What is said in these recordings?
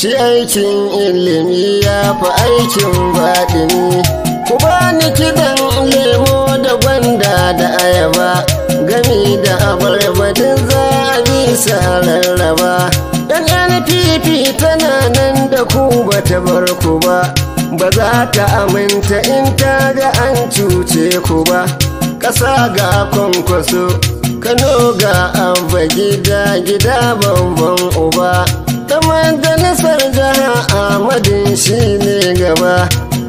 shi aikin ilimi ya fi aikin baɗini ku bani kiɗan lemo da gwanda da ayaba gami da abarba za a bi sa rarraba ɗan fifi tana nan da ku ba ta bar ku ba ba za ta aminta in ta ga an cuce ku ba ƙasa ga kwankwaso kano ga abagida gida gida bambam uba ta majalisar jiha ahmadin shi ne gaba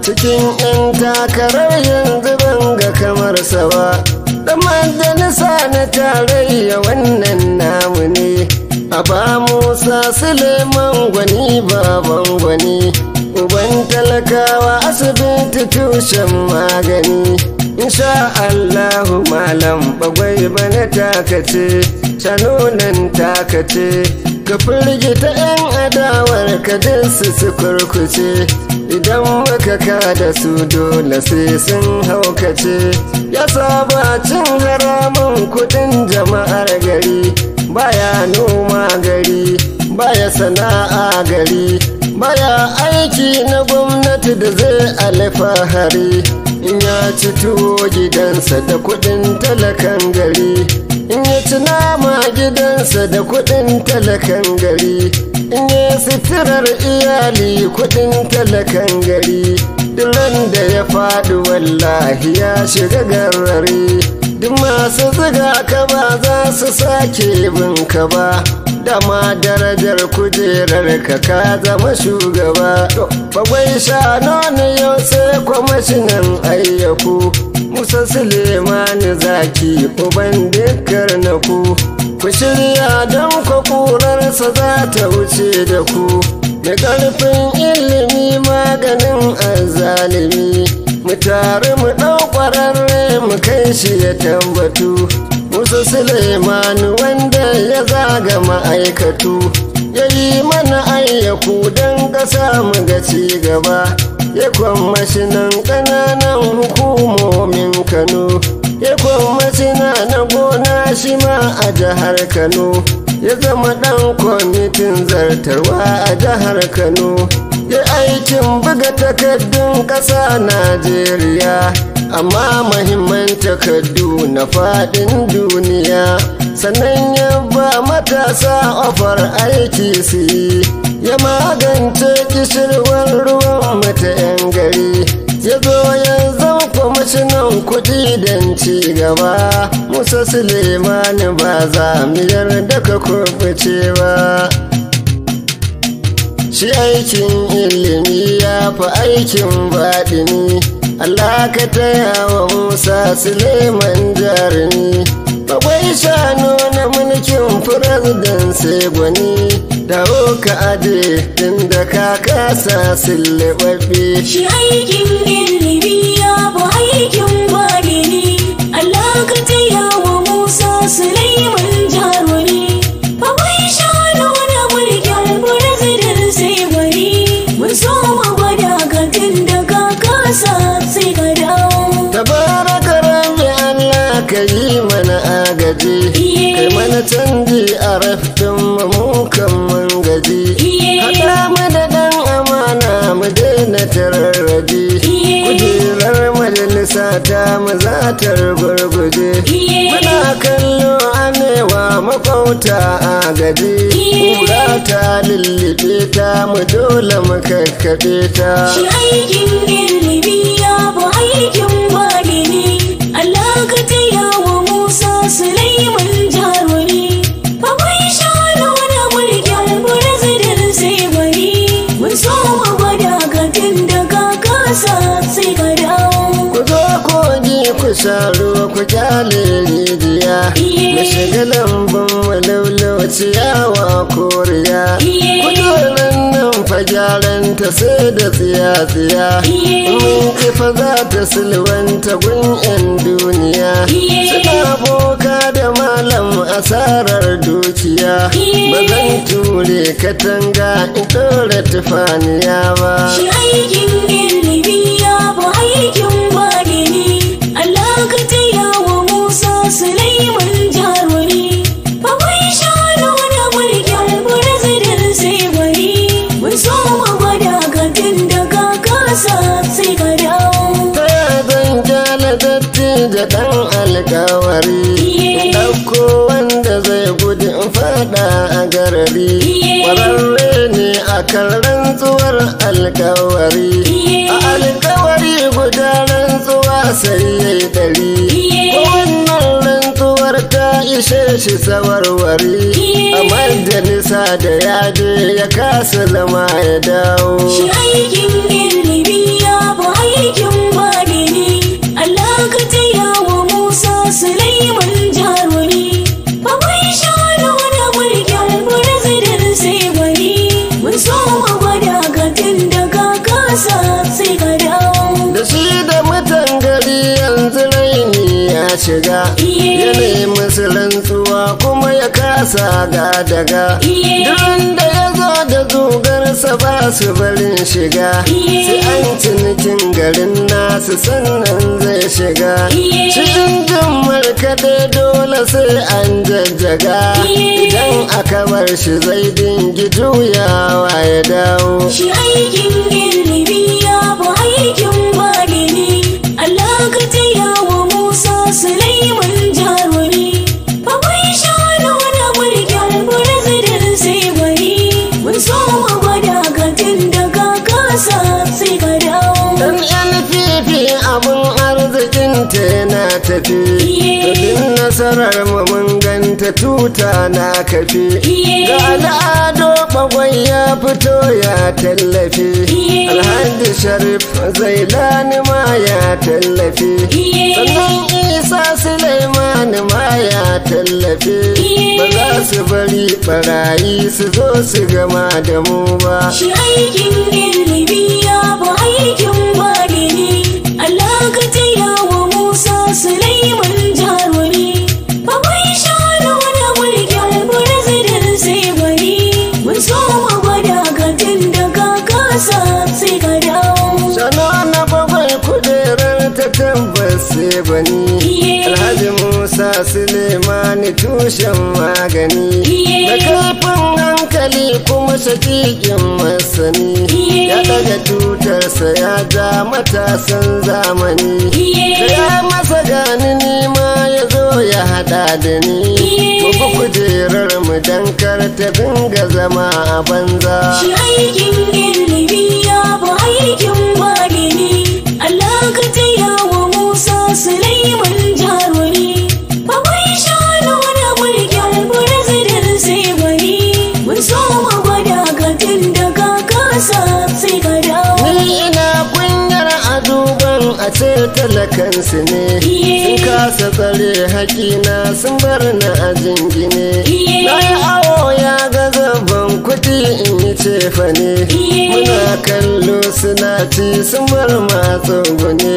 cikin 'yan takarar yanzu ban ga kamar sa ba da majalisa na tarayya wannan namu ne a ba musa suleiman gwani baban gwani uban talakawa asibiti tushen magani insha allahu malam bagwai bana takace canonan takace ka firgi ta 'yan adawar ka su su kurkuce idan baka ka da su dole sai sun haukace ya saba cin haramun kudin jama'ar gari baya noma gari baya sana'a gari baya aiki na gwamnati da zai alfahari in ya ci tuwo gidansa da kudin talakan gari ci nama gidansa da kuɗin talakan gari in ya sitirar iyali kuɗin talakan gari duran da ya faɗi wallahi ya shiga garari duk masu zuga ka ba za su sake bin ka ba dama darajar kujerar ka ka zama shugaba bagwai sha nono yau sai kwamashinan ayyaku musa Suleiman zaki uban dukkan na ku ku shirya don kurarsa za ta wuce da ku da ƙarfin ilimi maganin azalimi mu tare mu ɗau ƙwararre mu kai shi ya tambatu musa Suleiman wanda ya zaga ma'aikatu ya yi mana ayyaku don ƙasa mu ga ci gaba ya mashinan ƙananan hukumomi kano ya kuma na gona shi ma a jihar kano ya zama ɗan kwamitin zartarwa a jihar kano ya aikin buga takardun ƙasa najeriya amma mahimman takardu na faɗin duniya sannan ya ba matasa ofar aiki su yi kuɗi don ci gaba musa sulemani ba za mu yarda ka kurɓace ba shi aikin ilimi ya fi aikin baɗini Allah ka taya wa musa suleiman jarumi Babai shanu na mulkin firazidan sai gwani dawo ka tun inda ka kasa sillebabbe shi aikin ilimi canji a rafin mu mangaji mun gaji haɗa mu da ɗan amana mu daina tararrabi kujerar majalisa ta mu zatar gurguje muna kallo amewa makauta a gaji kura ta lullube ta mu dole mu kakkaɓe ta shi aikin ilimi ya bu aikin sai ka dawo ku zo kogi ku saro ku jale rijiya na shiga lambun walaulau ciyawa koriya ku zo nan nan fa gyaran ta sai da tsiya-tsiya mun kifa za ta silwanta gun 'yan duniya suna boka da malam asarar dukiya ba zan ture katanga in ɗora tufaniya ba shi aikin aikin bani ne Allah ka taya wa Musa Sulaiman jaruri babai shanu na mulkin burzidin sai bari mun so gwada bada da kaka sa sai ka dawo ta zan jala da dan alkawari yeah. fada a garari kwararre ne a kan rantsuwar alkawari a alkawari guda rantsuwa sai ya dari wannan rantsuwar ta ishe shi tsawarwari a majalisa da yaje ya kasa zama ya dawo shi aikin Yanayi musu rantsuwa kuma ya kasa ga daga da ya zo da zogarsa ba su barin shiga sai an cinikin garin nasu sannan zai shiga cikin jammar kaɗai dole sai an jajjaga idan aka bar shi zai dingi juyawa ya dawo shi aikin tafi tafin nasarar mu mun tuta na kafi ga al'ado bagon ya fito ya tallafi alhaji sharif zailani ma ya tallafi sannan isa sulaimani ma ya tallafi ba za su bari barayi su zo su gama da mu ba shi aikin ilimi ya bu aikin ba shan magani da kafin hankali kuma shakikin masani ya daga tutarsa ya ja matasan zamani da ya masa gani nima ya zo ya hada da ni tuba kujerar mu don kar ta dinga zama a banza shi aikin ilimi ya bakina sun bar ni a jingine na yi awo ya ga zaban kudi in yi cefa ne muna kallo suna ci sun bar ma ne.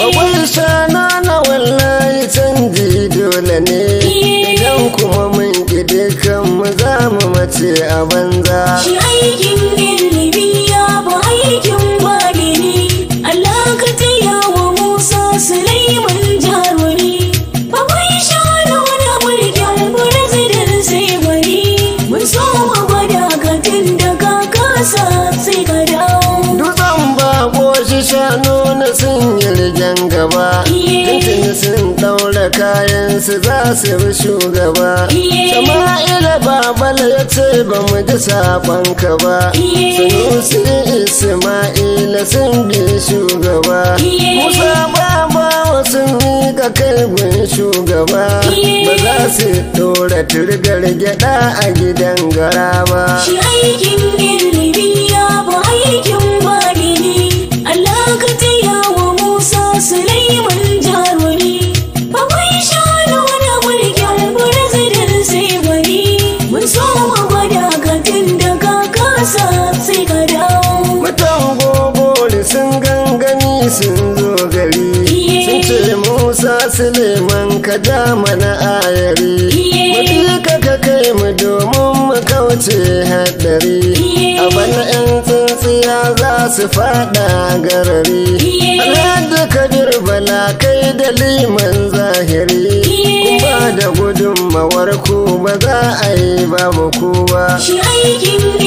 bakwai shana na wallahi canji dole ne idan kuma mun gide kan mu za mu mace a banza shi aikin kayansu za su bi shugaba sama'ila babala ya ce ba mu ji ka ba sanusi isma'ila sun bi shugaba musa wasu sun ka kai gun shugaba ba za su dora turgar gyaɗa a gidan gara ba mana ayari mu ka kai mu domin mu kauce haɗari a bana 'yan tsintsiya za su faɗa garari da kabir bala kai da liman zahiri kuma da gudunmawar ku ba za a yi babu kowa shi aikin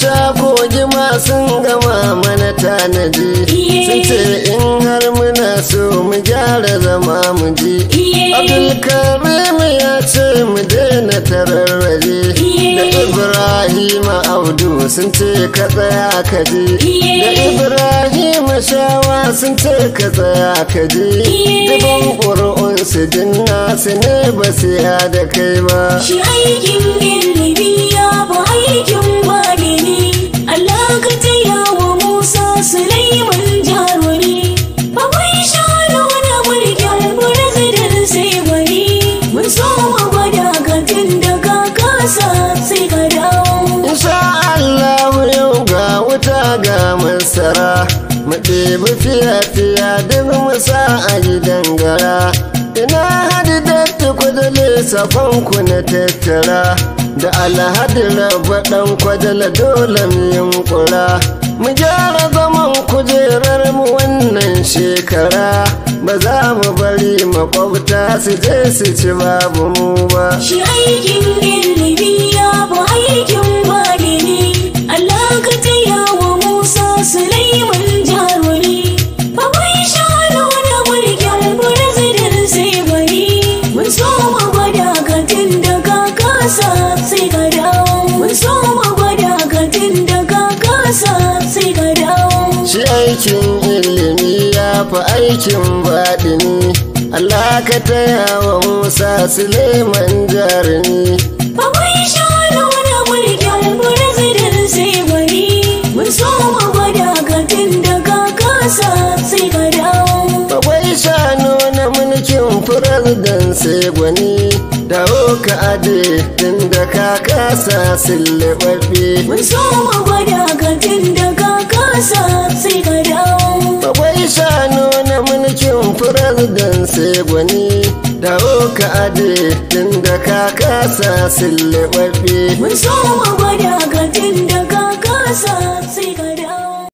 sha kogima sun gama mana tanadi sun ce in har muna so mu gyara zama mu ji abdulkarim ya ce da tararraje da Ibrahim abdu sun ce ka tsaya ka je da Ibrahim shawa sun ce ka tsaya ka je dubban ƙuri'un su dinna su ne ba su ya da kai ba shi aikin ya ba aikin Allah ka taya wa Musa Sulaiman ɗebi fiya-fiya duk musa a gidan gara ina hadi kwadale safon ku na tattara da alhadi raba ɗan kwadala dole mu yunkura mu gyara zaman kujerar mu wannan shekara ba za mu bari makwabta su je su ci babu mu ba shi aikin ilimi ya bu aikin Allah ka wa Musa Sulaiman kasa sai dawo shi aikin ilimi ya fi aikin baɗini Allah ka taya wa Musa Suleiman jarumi akwai shanu na mulkin burzirin sai bari mun so mu gwada ka da ka kasa sai ka dawo akwai shanu na mulkin furazidan sai gwani dawo ka ade tun da ka kasa sille sillibabbe mun so mu gwada ka tun da ka kasa sai ka dawo akwai shanu na mulkin firardan sai gwani dawo ka ade tun da ka kasa sille sillibabbe mun so mu gwada ka tun da ka kasa sai